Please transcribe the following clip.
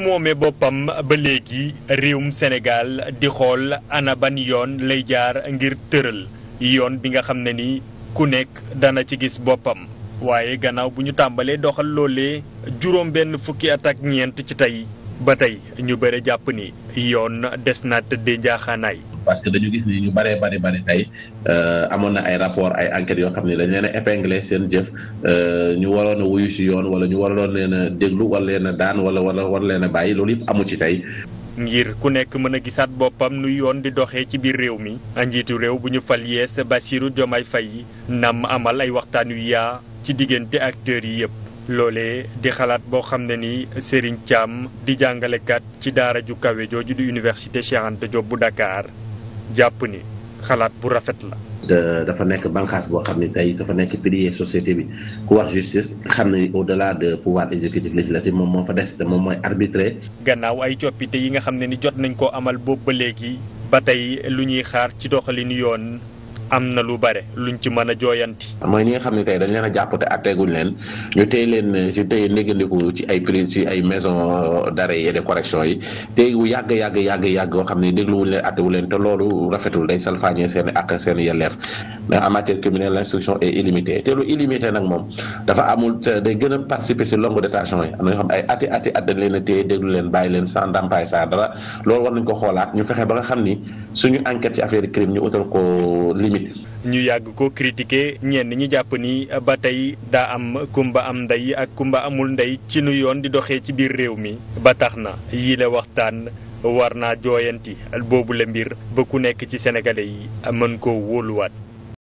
mu moomee boppam ba léegi réewum Sénégal di xool ana ban yoon lay jaar ngir tëral yoon bi nga xam ne ni ku nekk dana ci gis boppam waaye gannaaw bu ñu tàmbalee doxal loole juróom benn fukki at ak ñeent ci tey ba tey ñu bëri jàpp ni yoon des na tëddee njaaxaanaay parce que dañu gis ni ñu bëree bëri bëri tey euh, amoon na ay rapport ay enquêtes yoo xam ne dañ leen a épinglé seen jëf euh, ñu waroon a wuyu si yoon wala ñu waroon leen déglu wala leen a daan wala war leen a bàyyi loolu yëpp amu ci tey. ngir ku nekk mën a gisaat boppam nu yoon di doxee ci biir réew mi njiitu réew bu ñu fal yees Bassirou Diomaye Faye nam amal ay waxtaan wi yaa ci diggante acteur yi yëpp. loolee di xalaat boo xam ne ni Serigne Thiam di jàngalekat ci daara ju kawe jooju di université Cheikh Anta bu Dakar. jàpp ni xalaat bu rafet la. dafa nekk bànqaas boo xam ne tey dafa nekk pilier société bi ku wax justice xam ne au delà de pouvoir exécutif législatif moom moo fa des te moom mooy arbitré. gannaaw ay coppite yi nga xam ne ni jot nañ koo amal boobu ba léegi ba tey lu ñuy xaar ci doxalinu yoon. am na lu bare luñ ci mën a jooyanti. mooy ñi nga xam ne tey dañ leen a jàpp te atteeguñ leen ñu téye leen si téye négandiku ci ay prise ci ay maison d'arrêt et de correction yi téye wu yàgg yàgg yàgg yàgg yoo xam ne dégluwuñ leen attewu leen te loolu rafetul day salfaañee seen i ak seen i yelleef ndax en matière criminelle l'instruction est illimitée te lu illimité nag moom dafa amul day gën a participer si longue détention yi am na ñoo xam ay ati ati at dañ leen a téye déglu leen bàyyi leen sans ndàmpaay sans dara loolu war nañ ko xoolaat ñu fexe ba nga xam ni suñu enquête ci affaire crime ñu utal ko limite ñu yàgg ko critiquer ñenn ñi jàpp ni ba tey daa am kumba am ndey ak kumba amul ndey ci nu yoon di doxee ci biir réew mi ba tax na yii waxtaan war naa jooyanti boobu la mbir ba ku nekk ci sénégalais yi mën koo wóoluwaat